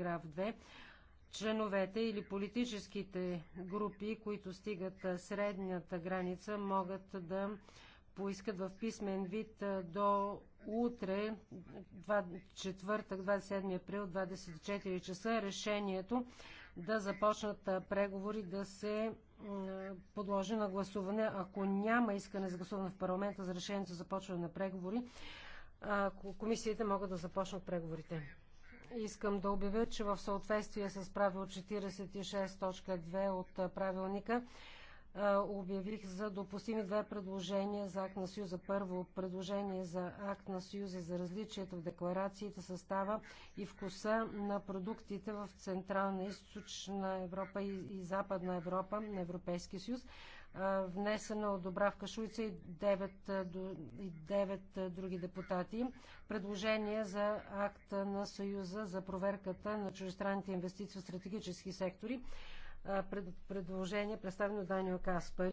Граф 2 членовете или политическите групи, които стигат средната граница, могат да поискат в писмен вид до утре, 2, четвъртък, 27 април, 24 часа, решението да започнат преговори да се подложи на гласуване. Ако няма искане за гласуване в парламента за решението за започване на преговори, комисиите могат да започнат преговорите. Искам да обявя, че в съответствие с правил 46.2 от правилника обявих за допустими две предложения за акт на Съюза. Първо, предложение за акт на Съюза за различията в декларациите, състава и вкуса на продуктите в Централна, Източна Европа и, и Западна Европа на Европейския съюз, внесена от Добравка Шуйца и 9, и 9 други депутати. Предложение за акт на Съюза за проверката на чужестранните инвестиции в стратегически сектори предложение, представено от Данио Каспер.